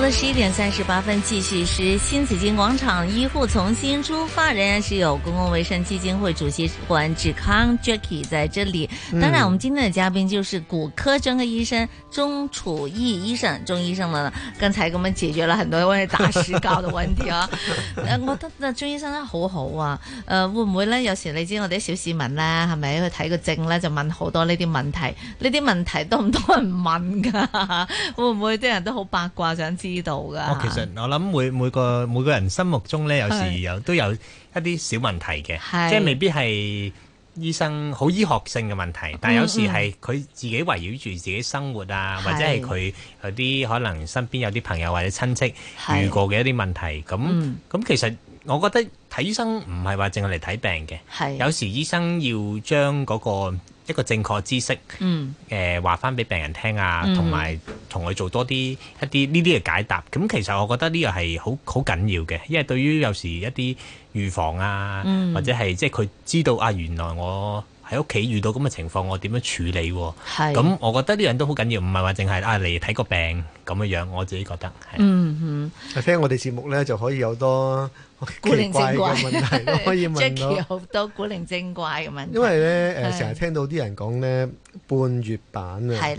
到咗十一點三十八分，繼續是新紫荊廣場醫護重新出發，仍然是有公共衛生基金會主席關志康 Jackie 在這裏。當然，我們今天的嘉賓就是骨科專科醫生鍾礎逸醫生，鍾醫,醫,醫生呢，剛才給我們解決了很多關於打石膏的問題啊。 呃、我覺得鍾醫生呢，好好啊。誒、呃，會唔會呢？有時你知我哋啲小市民咧，係咪去睇個症呢？就問好多呢啲問題？呢啲問題多唔多人問噶？會唔會啲人都好八卦想知？知道噶，我其實我諗每每個每個人心目中咧，有時有是都有一啲小問題嘅，是即係未必係醫生好醫學性嘅問題，嗯、但係有時係佢自己圍繞住自己生活啊，是或者係佢有啲可能身邊有啲朋友或者親戚遇過嘅一啲問題，咁咁其實我覺得睇醫生唔係話淨係嚟睇病嘅，是有時醫生要將嗰、嗰個一個正確知識，誒話返俾病人聽啊，同埋同佢做多啲一啲呢啲嘅解答。咁其實我覺得呢個係好好緊要嘅，因為對於有時一啲預防啊，嗯、或者係即係佢知道啊，原來我，喺屋企遇到咁嘅情況，我點樣處理？咁是我覺得呢樣都好緊要，唔係話淨係你嚟睇個病咁樣樣。我自己覺得係。嗯哼，聽我哋節目咧就可以有多古靈精怪嘅問題，可以問到好多古靈精怪嘅問題。因為咧誒，成日是、呃、聽到啲人講咧半月板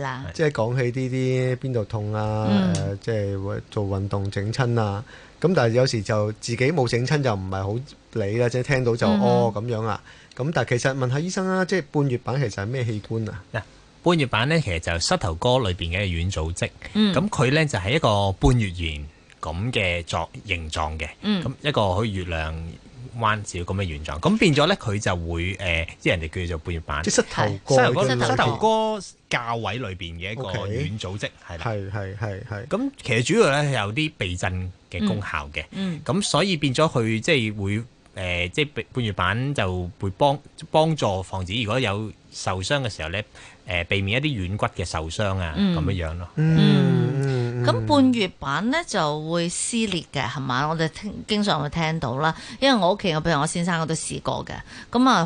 啊，即係的講起呢啲邊度痛啊，即係、嗯呃就是、做運動整親啊。咁但係有時就自己冇整親就唔係好理啦，即係聽到就哦咁樣啦。咁、嗯、但係其實問下醫生啦，即係半月板其實係咩器官啊？嗱，Yeah, 半月板咧其實就係膝頭哥裏邊嘅軟組織，咁佢咧就係一個半月圓咁嘅狀形狀嘅，咁、嗯、一個好似月亮。彎少咁嘅原狀，咁變咗咧，佢就會誒，即、呃、係人哋叫做半月板，即係膝頭哥。膝頭哥教位裏邊嘅一個軟組織，係啦 Okay, 的，係係係係。咁的其實主要咧係有啲避震嘅功效嘅，咁、嗯嗯、所以變咗佢即係會誒，即、呃、係、就是、半月板就會幫幫助防止如果有受傷嘅時候咧。誒，避免一啲軟骨嘅受傷啊，咁樣樣咯。嗯，咁樣、嗯、半月板咧就會撕裂嘅，係嘛？我哋聽我經常會聽到啦。因為我屋企，我譬如我先生我都試過嘅。咁啊，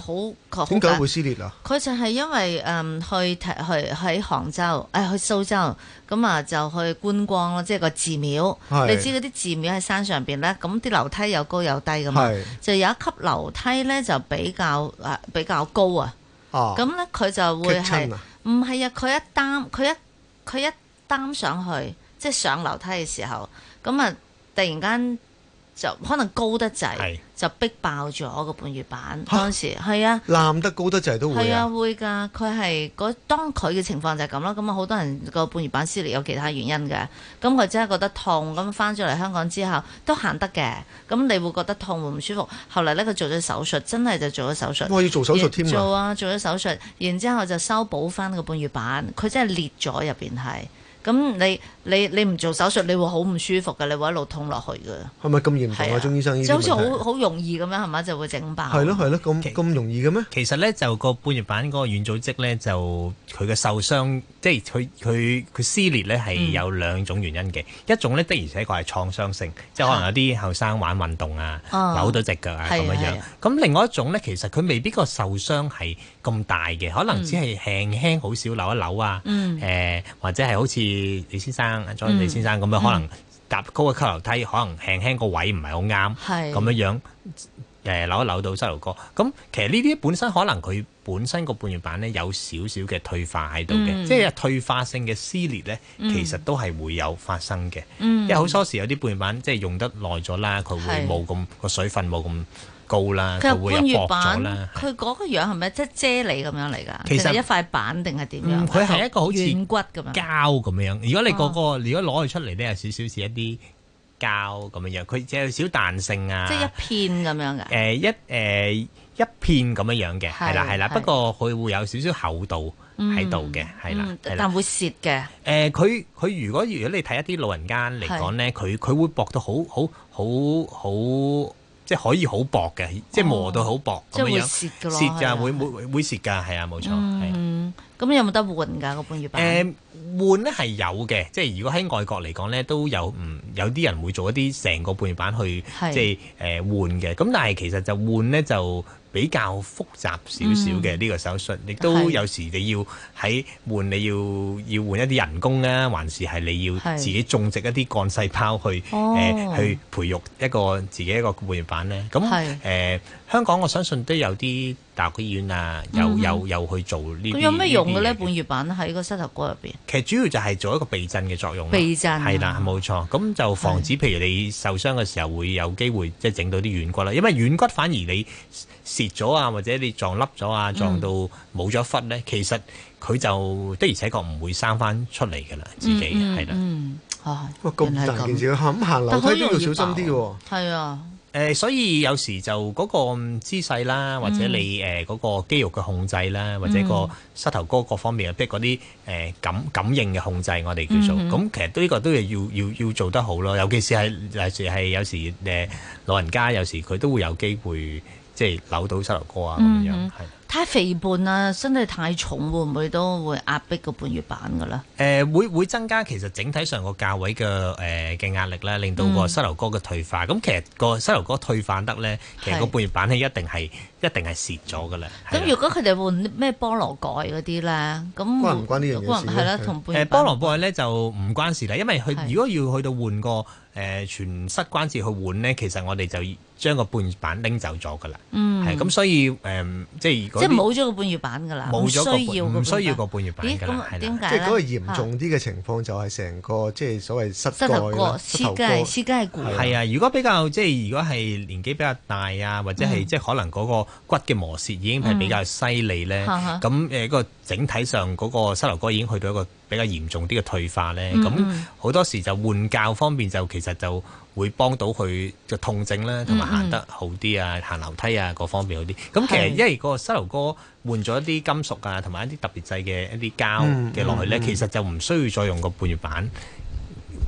好點解會撕裂啊？佢就係因為誒、嗯、去去喺杭州誒、哎、去蘇州，咁啊就去觀光咯，即、就、係、是、個寺廟。是你知嗰啲寺廟喺山上邊咧，咁啲樓梯又高又低噶嘛？是就有一級樓梯咧就比較誒比較高啊。咁咧佢就會係唔係啊？佢一擔佢一佢一擔上去，即係上樓梯嘅時候，咁啊突然間，就可能高得滯，是就逼爆咗個半月板。哈當時係啊，男得高得滯都會啊，係啊，會㗎。佢係嗰當佢嘅情況就係咁啦。咁啊，好多人個半月板撕裂有其他原因嘅。咁佢真係覺得痛，咁翻咗嚟香港之後都行得嘅。咁你會覺得痛會唔舒服。後嚟呢，佢做咗手術，真係就做咗手術。我要做手術添啊！做啊，做咗手術，然之後就修補翻個半月板。佢真係裂咗入邊係。咁你你你唔做手術，你會好唔舒服嘅，你會一路痛落去嘅。係咪咁嚴重啊，鍾醫生就是是？就好似好好容易咁樣，係咪就會整爆？係咯係咯，咁咁容易嘅咩？其實咧，就個半月板嗰個軟組織咧，就佢嘅受傷，即係佢佢佢撕裂咧，係有兩種原因嘅。嗯、一種咧的而且確係創傷性，嗯、即係可能有啲後生玩運動啊，嗯、扭到隻腳啊咁樣。咁的的另外一種咧，其實佢未必個受傷係。咁大嘅，可能只係輕輕好少扭一扭啊，誒或者係好似李先生、阿莊李先生咁樣，可能搭高嘅級樓梯，可能輕輕個位唔係好啱，咁樣樣誒扭一扭到膝頭哥。咁其實呢啲本身可能佢本身個半月板呢有少少嘅退化喺度嘅，即係退化性嘅撕裂呢，其實都係會有發生嘅。因為好多時有啲半月板即係用得耐咗啦，佢會冇咁個水分冇咁高啦，佢係半月板，佢嗰個樣係咪即係啫喱咁樣嚟噶？其實一塊板定係點樣？嗯，佢係一個好似骨咁樣膠咁樣。如果你嗰個，如果攞佢出嚟咧，有少少似一啲膠咁樣樣。佢有少少彈性啊。即係一片咁樣噶。誒，一誒一片咁樣樣嘅，係啦係啦。不過佢會有少少厚度喺度嘅，係啦。但會蝕嘅。誒，佢佢如果如果你睇一啲老人家嚟講咧，佢佢會薄到好好好好。即係可以好薄嘅，即係磨到好薄咁、哦、樣。即係會蝕㗎咯。蝕㗎會會會蝕㗎，係啊冇錯。嗯，咁有冇得換㗎個半月板？誒換咧係有嘅，即係如果喺外國嚟講咧都有，唔，有啲人會做一啲成個半月板去即係誒換嘅。咁的、呃、但係其實就換咧就。比較複雜少少嘅呢個手術，亦都有時你要喺換，你要要換一啲人工咧，還是係你要自己種植一啲幹細胞去誒去培育一個自己一個護眼板咧？咁誒。香港我相信都有啲大醫院啊，又又又去做呢啲？咁有咩用嘅呢？半月板喺個膝頭骨入邊，其實主要就係做一個避震嘅作用。避震係啦，冇錯。咁就防止，譬如你受傷嘅時候會有機會即係整到啲軟骨啦。因為軟骨反而你蝕咗啊，或者你撞凹咗啊，撞到冇咗忽咧，其實佢就的而且確唔會生翻出嚟嘅啦。自己係啦。哇！咁大件事，咁行樓梯都要小心啲喎。係啊。誒，所以有時就嗰個姿勢啦，或者你誒嗰個肌肉嘅控制啦，或者個膝頭哥各方面啊，譬如嗰啲誒感感應嘅控制，我哋叫做，咁、mm hmm. 其實都呢個都要要要做得好咯，尤其是係例如係有時誒老人家，有時佢都會有機會，即係扭到膝頭哥啊咁樣，係、嗯、太肥胖啊，身體太重會唔會都會壓迫個半月板噶咧？誒、呃，會會增加其實整體上個價位嘅誒嘅壓力咧，令到個膝頭哥嘅退化。咁、嗯、其實個膝頭哥退化得咧，其實個半月板係一定係是一定係蝕咗噶啦。咁如果佢哋換咩菠蘿蓋嗰啲咧，咁關唔關呢樣嘢事咧、啊？係啦、啊，同半月板誒菠蘿蓋咧就唔關事啦的，的因為佢如果要換、呃、去到換個誒全膝關節去換咧，其實我哋就，就。將個半月板拎走咗噶啦，係咁所以誒，即係如果即係冇咗個半月板噶啦，冇需要，唔需要個半月板噶啦，係點解？即係嗰個嚴重啲嘅情況就係成個、啊、即係所謂膝頭骨、膝頭蓋骨、膝骨係骨，係啊。如果比較即係如果係年紀比較大啊，或者係即係可能嗰個骨嘅磨蝕已經係比較犀利咧，咁誒嗰個整體上嗰個膝頭哥已經去到一個，比較嚴重啲嘅退化咧，咁好、嗯嗯、多時就換教方面，就其實就會幫到佢嘅痛症啦，同埋行得好啲啊，行樓梯啊，各方面好啲。咁、嗯、其實因為個膝頭哥換咗一啲金屬啊，同埋一啲特別製嘅一啲膠嘅落去咧，嗯嗯、其實就唔需要再用個半月板，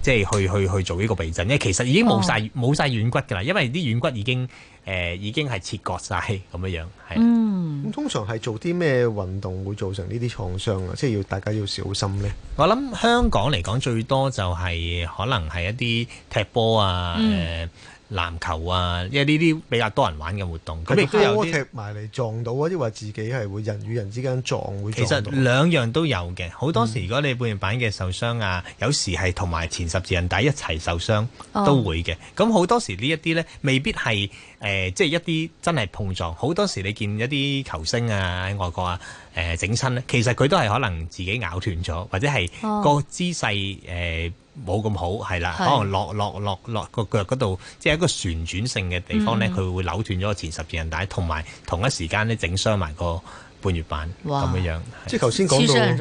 即係去去去做呢個避震，因為其實已經冇晒冇曬軟骨㗎啦，因為啲軟骨已經誒、呃、已經係切割晒，咁樣樣，係。嗯咁通常係做啲咩運動會造成呢啲創傷啊？即係要大家要小心呢。我諗香港嚟講最多就係、是、可能係一啲踢波啊，誒、嗯。籃球啊，因為呢啲比較多人玩嘅活動，咁亦的都有啲埋嚟撞到啊，即係話自己係會人與人之間撞會撞到。其實兩樣都有嘅，好多時如果你半月板嘅受傷啊，嗯、有時係同埋前十字韌帶一齊受傷都會嘅。咁好、哦、多時呢一啲咧，未必係誒，即、呃、係、就是、一啲真係碰撞。好多時你見一啲球星啊喺外國啊誒整親咧，其實佢都係可能自己咬斷咗，或者係個姿勢誒。呃嗯冇咁好，係啦，是可能落落落落個腳嗰度，即係一個旋轉性嘅地方咧，佢、嗯、會扭斷咗前十字韌帶，同埋同一時間咧整傷埋個半月板咁樣哇樣。即係頭先講到，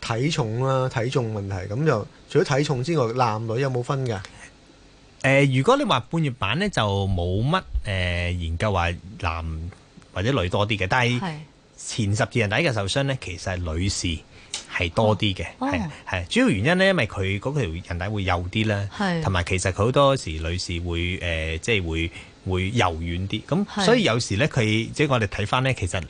體重啦、啊，體重問題咁就除咗體重之外，男女有冇分㗎？誒、呃，如果你話半月板咧，就冇乜誒研究話男或者女多啲嘅，但係前十字韌帶嘅受傷咧，其實係女士係多啲嘅，係係、哦、主要原因咧，因為佢嗰條韌帶會幼啲咧，同埋是其實佢好多時女士會誒、呃，即係會會柔軟啲，咁所以有時咧，佢即係我哋睇翻咧，其實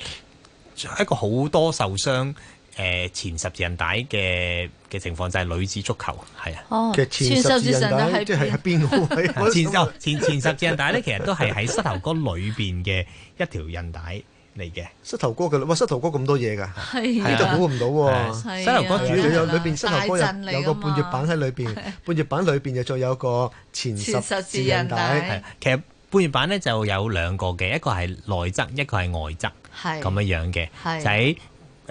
一個好多受傷誒、呃、前十字韌帶嘅嘅情況就係女子足球係啊，前十字韌帶即係喺邊？前前前十字韌帶咧，其實都係喺膝頭哥裏邊嘅一條韌帶。嚟嘅，膝頭哥嘅，哇，膝頭哥咁多嘢噶，呢度估唔到喎。膝頭哥主要有裏邊，膝頭哥有、啊、有個半月板喺裏邊，啊、半月板裏邊就再有個前十字韌帶，前十字韌帶。其實半月板咧就有兩個嘅，一個係內側，一個係外側，咁嘅係樣嘅，喺、就、誒、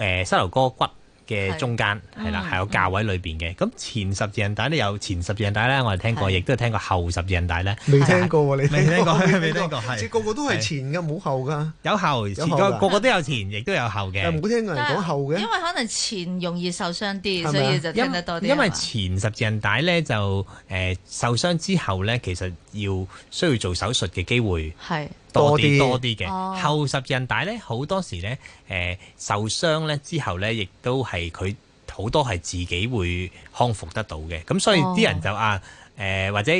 係、膝頭哥骨。嘅中間係啦，係有價位裏邊嘅。咁前十字韌帶咧，有前十字韌帶咧，我哋聽過，亦都係聽過後十字韌帶咧。未聽過你？未聽過？未聽過？即係個個都係前嘅，冇後㗎。有後，前個個都有前，亦都有後嘅。唔好聽人講後嘅。因為可能前容易受傷啲，所以就聽得多啲。因為前十字韌帶咧，就誒受傷之後咧，其實要需要做手術嘅機會係，多啲多啲嘅，哦、後十人但係咧，好多時咧誒、呃、受傷咧之後咧，亦都係佢好多係自己會康復得到嘅，咁所以啲、哦、人就啊誒、呃、或者。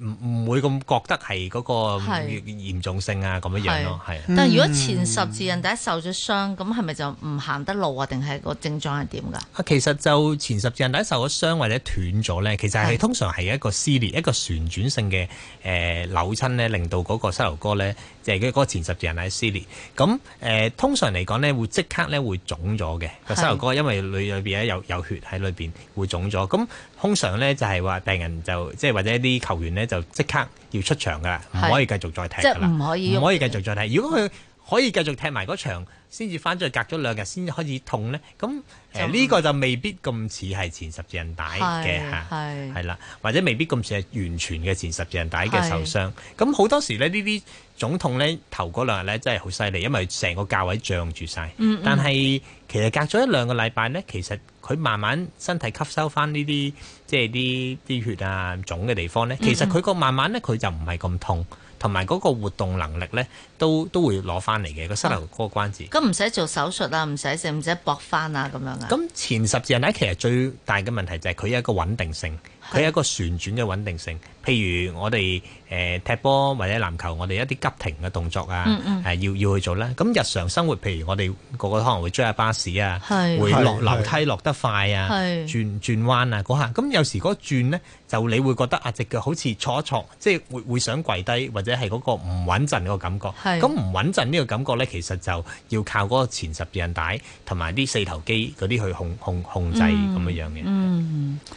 唔唔會咁覺得係嗰個嚴重性啊咁是樣樣咯，係是。是但係如果前十字韌帶受咗傷，咁係咪就唔行得路啊？定係個症狀係點噶？啊，其實就前十字韌帶受咗傷或者斷咗咧，其實係是通常係一個撕裂、一個旋轉性嘅誒扭親咧，令到嗰個膝頭哥咧。即係佢嗰個前十字韌帶撕裂，咁、呃、誒通常嚟講咧會即刻咧會腫咗嘅個膝頭哥，是因為裏裏邊咧有有血喺裏邊會腫咗，咁通常咧就係、是、話病人就即係或者啲球員咧就即刻要出場噶啦，唔是可以繼續再踢噶啦，唔可以，唔可以繼續再踢。如果佢可以繼續踢埋嗰場，先至返咗去，再隔咗兩日先開始痛咧。咁誒，呢個就未必咁似係前十字韌帶嘅嚇，係啦，或者未必咁似係完全嘅前十字韌帶嘅受傷。咁好多時咧，呢啲腫痛咧頭嗰兩日咧真係好犀利，因為成個教位脹住晒。但係其實隔咗一兩個禮拜咧，其實佢慢慢身體吸收翻呢啲即係啲啲血啊腫嘅地方咧，其實佢個慢慢咧佢就唔係咁痛。同埋嗰個活動能力咧，都都會攞翻嚟嘅個膝頭哥關節。咁唔使做手術啊，唔使食，唔使駁翻啊，咁樣啊。咁前十字韌帶其實最大嘅問題就係佢有一個穩定性。佢係一個旋轉嘅穩定性，譬如我哋誒、呃、踢波或者籃球，我哋一啲急停嘅動作啊，嗯嗯、啊要要去做啦。咁日常生活，譬如我哋個個,個可能會追下巴士啊，會落樓梯落得快轉轉啊，轉轉彎啊嗰下，咁有時嗰轉呢，就你會覺得啊，隻腳好似坐一坐，即、就、係、是、會會想跪低，或者係嗰個唔穩陣嘅感覺。咁唔是穩陣呢個感覺呢，其實就要靠嗰個前十字韌帶同埋啲四頭肌嗰啲去控控控制咁樣樣嘅。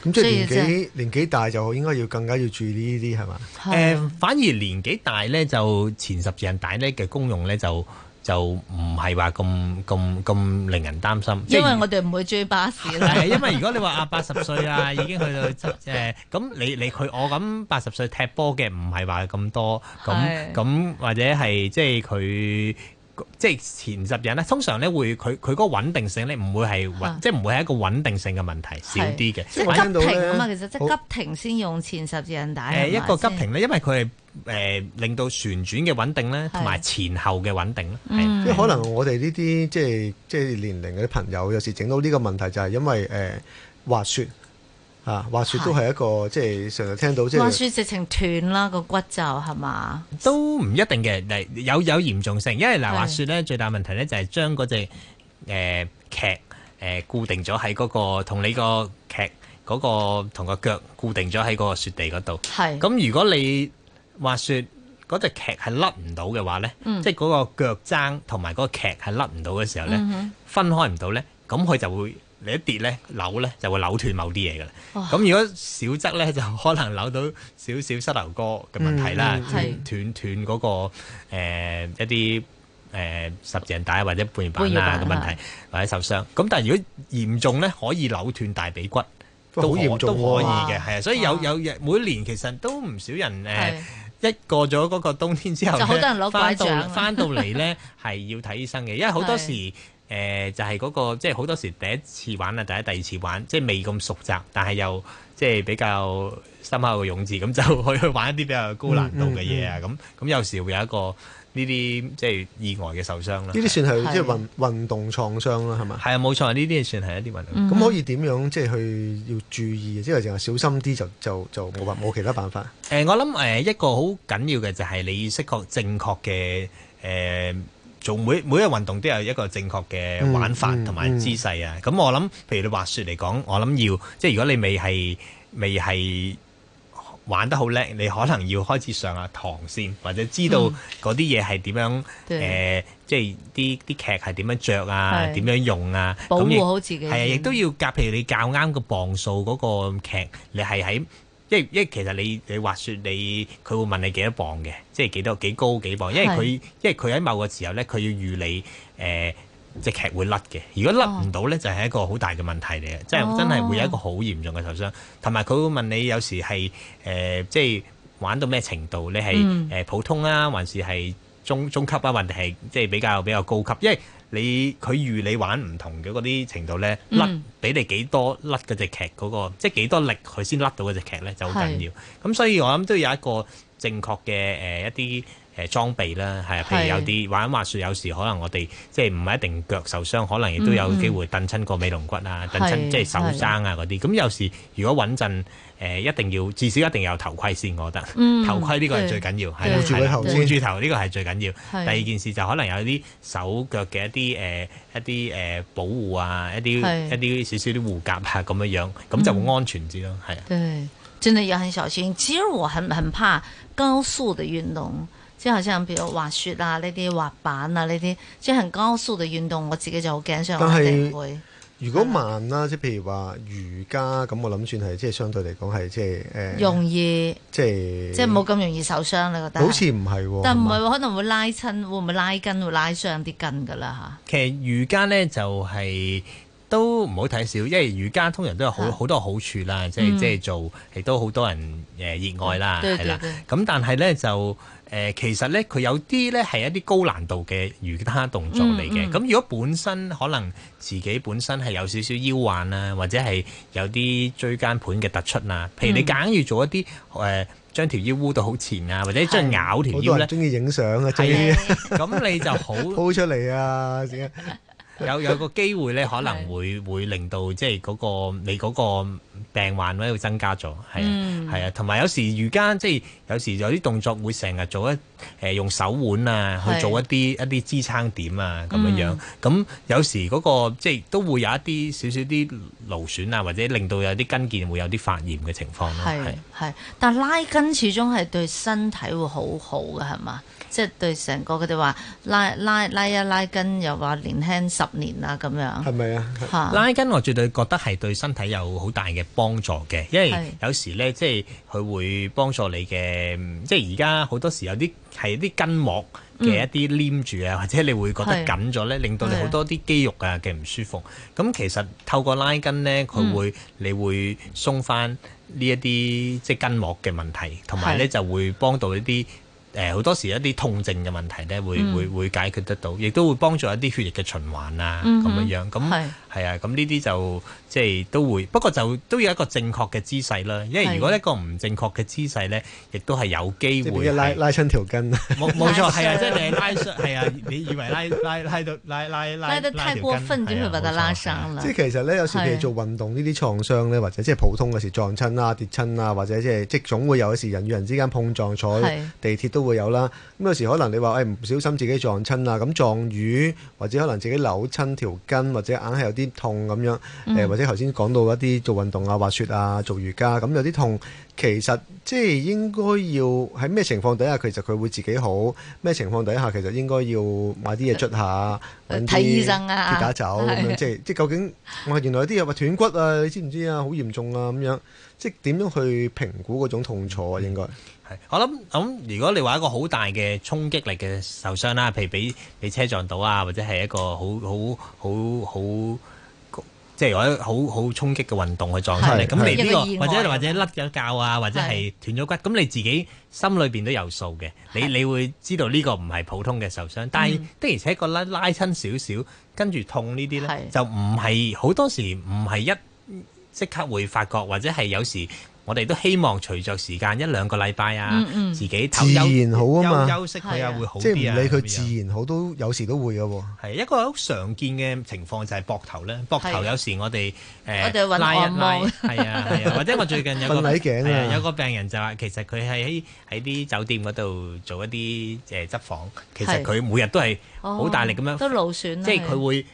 咁即係年紀大就應該要更加要注意呢啲係嘛？誒，反而年紀大咧就前十字韌帶咧嘅功用咧就就唔係話咁咁咁令人擔心。因為我哋唔會追巴士啦。係，因為如果你話啊八十歲啊已經去到執誒，咁你你佢我咁八十歲踢波嘅唔係話咁多，咁咁或者係即係佢。即係前十日咧，通常咧會佢佢嗰個穩定性咧唔會係穩，啊、即係唔會係一個穩定性嘅問題是少啲嘅。即係急停啊嘛，其實即係急停先用前十字韌帶。誒好一個急停咧，因為佢係誒令到旋轉嘅穩定咧，同埋前後嘅穩定咧。係即係可能我哋呢啲即係即係年齡嗰啲朋友，有時整到呢個問題就係因為誒滑雪。呃啊！滑雪都係一個是即係成日聽到，即係滑雪直情斷啦個骨就係嘛？都唔一定嘅，嚟有有嚴重性，因為嗱滑雪咧最大問題咧就係將嗰隻誒劇誒固定咗喺嗰個同你個劇、嗰個劇嗰個同個腳固定咗喺嗰個雪地嗰度。係咁是，如果你滑雪嗰隻劇係甩唔到嘅話咧，即係嗰個腳踭同埋嗰個劇係甩唔到嘅時候咧，嗯、哼分開唔到咧，咁佢就會。你一跌咧，扭咧就會扭斷某啲嘢嘅啦。咁如果少則咧，就可能扭到少少膝頭哥嘅問題啦，斷斷嗰個、呃、一啲誒、呃、十字韌帶或者半月板嘅問題，或者受傷。咁但係如果嚴重咧，可以扭斷大髀骨，都好嚴重，都可以嘅，係啊，所以有有每年其實都唔少人誒，呃、是一過咗嗰個冬天之後咧，就好多人返到返到嚟咧係要睇醫生嘅，因為好多時。 誒就係嗰個，即係好多時第一次玩啊，第一第二次玩，即係未咁熟習，但係又即係比較深厚嘅勇志，咁就可以去玩一啲比較高難度嘅嘢啊！咁咁有時會有一個呢啲即係意外嘅受傷啦。呢啲算係即係運運動創傷啦，係嘛？係啊，冇錯，呢啲係算係一啲運動創傷。咁可以點樣即係去要注意？即係淨係小心啲，就就就冇辦冇其他辦法。誒，我諗誒一個好緊要嘅就係你識確正確嘅誒。做每每一運動都有一個正確嘅玩法同埋姿勢啊！咁、嗯嗯、我諗，譬如你滑雪嚟講，我諗要即係如果你未係未係玩得好叻，你可能要開始上下堂先，或者知道嗰啲嘢係點樣誒、嗯呃，即係啲啲劇係點樣着啊，點對樣用啊，是保護好自己也。係啊，亦都要夾，譬如你較啱個磅數嗰個劇，你係喺。因為因為其實你你滑雪你佢會問你幾多磅嘅，即係幾多幾高幾磅，因為佢是因為佢喺某個時候咧，佢要預你誒、呃、即劇會甩嘅。如果甩唔到咧，哦、就係一個好大嘅問題嚟嘅，即係、哦、真係會有一個好嚴重嘅受傷。同埋佢會問你有時係誒、呃、即係玩到咩程度，你係誒普通啊，還是係中中級啊，或者係即係比較比較高級，因為。你佢預你玩唔同嘅嗰啲程度咧，甩俾你幾多甩嗰隻劇嗰、那個，嗯、即係幾多力佢先甩到嗰隻劇咧，就好緊要。咁是 所以我諗都有一個正確嘅誒、呃、一啲。誒裝備啦，係啊，譬如有啲玩滑雪，有時可能我哋即係唔係一定腳受傷，可能亦都有機會燉親個尾龍骨啊，燉親即係手踭啊嗰啲。咁有時如果穩陣，誒一定要至少一定要有頭盔先，我覺得頭盔呢個係最緊要，係護住頭，護住頭呢個係最緊要。第二件事就可能有啲手腳嘅一啲誒一啲誒保護啊，一啲一啲少少啲護甲啊咁樣樣，咁就會安全啲咯，係。對，真的要很小心。其實我很很怕高速嘅運動。之後即係，比如滑雪啊，呢啲滑板啊，呢啲即係行高速嘅運動，我自己就好驚，傷我嘅脊背。如果慢啦，即譬如話瑜伽，咁我諗算係即係相對嚟講係即係誒，容易即係即係冇咁容易受傷，你覺得？好似唔係，但唔係可能會拉親會唔會拉筋會拉傷啲筋噶啦吓？其實瑜伽咧就係都唔好睇少，因為瑜伽通常都有好好多好處啦，即係即係做亦都好多人誒熱愛啦，係啦。咁但係咧就。誒、呃，其實咧，佢有啲咧係一啲高難度嘅瑜伽動作嚟嘅。咁、嗯嗯、如果本身可能自己本身係有少少腰患啊，或者係有啲椎間盤嘅突出啊，譬如你揀要做一啲誒、呃，將條腰彎到好前啊，或者將咬條腰咧，中意影相啊，咁的 你就好鋪出嚟啊！嚐嚐 有有個機會咧，可能會會令到即係嗰、那個你嗰個病患咧會增加咗，係啊，嗯、啊，同埋有時瑜伽即係有時有啲動作會成日做一誒、呃、用手腕啊去做一啲一啲支撐點啊咁樣樣，咁、嗯、有時嗰、那個即係都會有一啲少少啲勞損啊，或者令到有啲筋腱會有啲發炎嘅情況咯。係係，但拉筋始終係對身體會好好嘅，係嘛？即係對成個佢哋話拉拉拉一拉筋又話年輕十年啊咁樣，係咪啊？拉筋我絕對覺得係對身體有好大嘅幫助嘅，因為有時咧即係佢會幫助你嘅，即係而家好多時有啲係啲筋膜嘅一啲黏住啊，或者你會覺得緊咗咧，令到你好多啲肌肉啊嘅唔舒服。咁其實透過拉筋咧，佢會你會鬆返呢一啲即係筋膜嘅問題，同埋咧就會幫到一啲。誒好多時一啲痛症嘅問題咧，嗯、會會會解決得到，亦都會幫助一啲血液嘅循環啊。咁、嗯、哼樣樣咁。係啊，咁呢啲就即係都會，不過就都要一個正確嘅姿勢啦。因為如果一個唔正確嘅姿勢咧，亦都係有機會係拉親條筋。冇冇錯係啊，即係你拉傷係啊，你以為拉 拉拉拉拉拉拉得太過分就會把它拉傷啦。即係其實咧，有時你做運動呢啲創傷咧，或者即係普通嗰時撞親啊、跌親啊，或者即係即係總會有嗰時人與人之間碰撞，坐喺地鐵都會有啦。咁的有時可能你話誒唔小心自己撞親啊，咁撞瘀，或者可能自己扭親條筋，或者硬係有啲。痛咁樣，誒、嗯、或者頭先講到一啲做運動啊、滑雪啊、做瑜伽咁有啲痛，其實即係應該要喺咩情況底下，其實佢會自己好；咩情況底下，其實應該要買啲嘢捽下，睇醫生啊，跌打酒咁、呃、樣。即係即係究竟，我原來有啲嘢話斷骨啊，你知唔知啊？好嚴重啊！咁樣即係點樣去評估嗰種痛楚啊？應該？係，我諗咁，如果你話一個好大嘅衝擊力嘅受傷啦，譬如俾俾車撞到啊，或者係一個好好好好即係如果好好衝擊嘅運動去撞出嚟，咁你呢個或者或者甩咗臼啊，或者係斷咗骨，咁你自己心裏邊都有數嘅，你你會知道呢個唔係普通嘅受傷，但係的而且確拉拉親少少，跟住痛呢啲咧，就唔係好多時唔係一即刻會發覺，或者係有時。我哋都希望隨着時間一兩個禮拜啊，自己自然好啊嘛，休息佢啊會好啲啊。即、啊就係、唔理佢自然好，都有時都會嘅喎、啊。係一個好常見嘅情況就係膊頭咧，膊頭有時我哋誒、呃啊、拉，拉一拉。係啊係啊，啊啊 或者我最近有個、 啊、有個病人就話，其實佢係喺喺啲酒店嗰度做一啲誒執房，啊、其實佢每日都係好大力咁樣、哦，都勞損，即係佢會。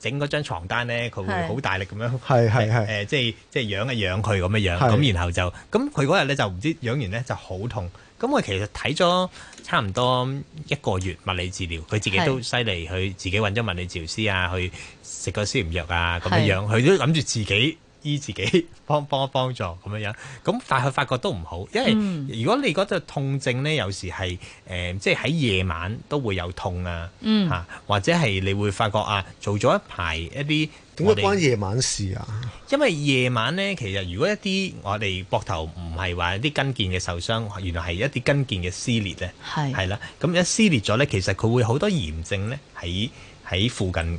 整嗰張床單咧，佢會好大力咁樣，誒的、呃，即係即係養一養佢咁樣樣，咁的然後就，咁佢嗰日咧就唔知養完咧就好痛，咁我其實睇咗差唔多一個月物理治療，佢自己都犀利，佢自己揾咗物理治療師啊，去食個消炎藥啊，咁樣樣，佢的都諗住自己。醫自己幫幫幫助咁樣樣，咁但佢發覺都唔好，因為如果你嗰隻痛症呢，有時係誒、呃，即係喺夜晚都會有痛啊，嚇、嗯、或者係你會發覺啊，做咗一排一啲點解關夜晚事啊？因為夜晚呢，其實如果一啲我哋膊頭唔係話一啲筋腱嘅受傷，原來係一啲筋腱嘅撕裂呢，係是啦，咁一撕裂咗呢，其實佢會好多炎症呢，喺喺附近。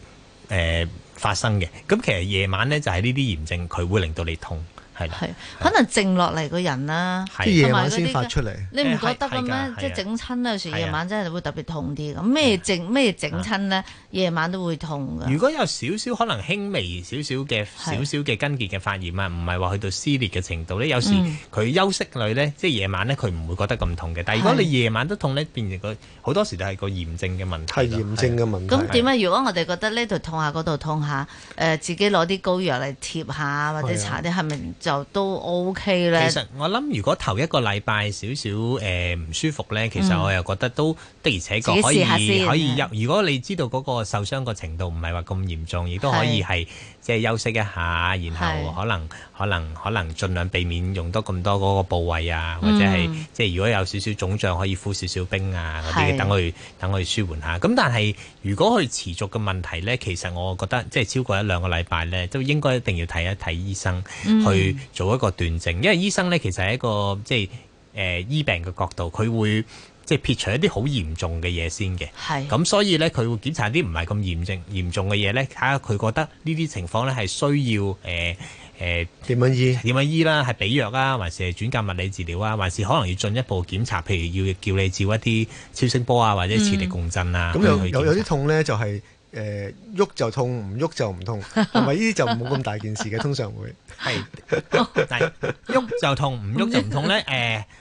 誒、呃、發生嘅，咁其實夜晚咧就係呢啲炎症，佢會令到你痛。係，可能靜落嚟個人啦，夜晚先發出嚟，你唔覺得噶咩？即係整親有時夜晚真係會特別痛啲咁，咩整咩整親咧，夜晚都會痛噶。如果有少少可能輕微少少嘅少少嘅跟腱嘅發炎啊，唔係話去到撕裂嘅程度咧，有時佢休息裏咧，即係夜晚咧，佢唔會覺得咁痛嘅。但係如果你夜晚都痛咧，變成個好多時都係個炎症嘅問題。係炎症嘅問題。咁點解？如果我哋覺得呢度痛下，嗰度痛下，誒，自己攞啲膏藥嚟貼下，或者搽啲係咪？就都 OK 咧。其實我諗，如果頭一個禮拜少少誒唔舒服咧，嗯、其實我又覺得都的而且確可以可以入。如果你知道嗰個受傷個程度唔係話咁嚴重，亦都可以係。即係休息一下，然後可能是可能可能盡量避免用多咁多嗰個部位啊，嗯、或者係即係如果有少少腫脹，可以敷少少冰啊嗰啲，等佢等佢舒緩下。咁但係如果佢持續嘅問題呢，其實我覺得即係超過一兩個禮拜呢，都應該一定要睇一睇醫生去做一個斷症，嗯、因為醫生呢，其實係一個即係誒、呃、醫病嘅角度，佢會。即係撇除一啲好嚴重嘅嘢先嘅，咁係所以咧佢會檢查啲唔係咁嚴重嚴重嘅嘢咧，睇下佢覺得呢啲情況咧係需要誒誒點樣醫點樣醫啦、啊，係俾藥啊？還是轉介物理治療啊，還是可能要進一步檢查，譬如要叫你照一啲超聲波啊，或者磁力共振啊，咁、嗯、有有啲痛咧就係、係。誒，喐就痛，唔喐就唔痛，同埋呢啲就冇咁大件事嘅，通常會係喐就痛，唔喐就唔痛咧。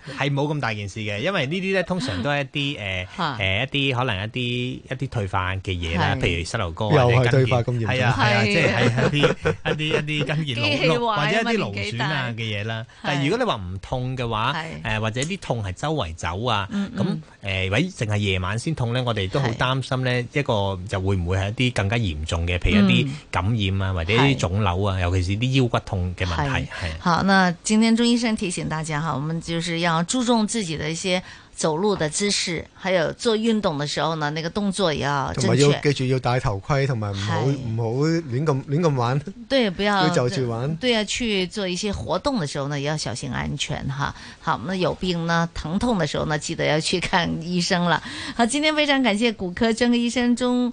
誒，係冇咁大件事嘅，因為呢啲咧通常都係一啲誒誒一啲可能一啲一啲退化嘅嘢啦，譬如膝頭哥又係退化咁，係啊係啊，即係係一啲一啲一啲跟腱勞損或者一啲勞損啊嘅嘢啦。但係如果你話唔痛嘅話，誒或者啲痛係周圍走啊，咁誒或者淨係夜晚先痛咧，我哋都好擔心咧一個就會唔會。係一啲更加嚴重嘅，譬如一啲感染啊，或者一啲腫瘤啊，尤其是啲腰骨痛嘅問題。係好，那今天鍾醫生提醒大家哈，我們就是要注重自己的一些走路的姿勢，還有做運動的時候呢，那個動作也要正確，同埋要記住要戴頭盔，同埋唔好唔好亂咁亂咁玩。對，不要就住玩。對啊，去做一些活動的時候呢，要小心安全哈。好，那有病呢，疼痛的時候呢，記得要去看醫生啦。好，今天非常感謝骨科專科醫生鍾。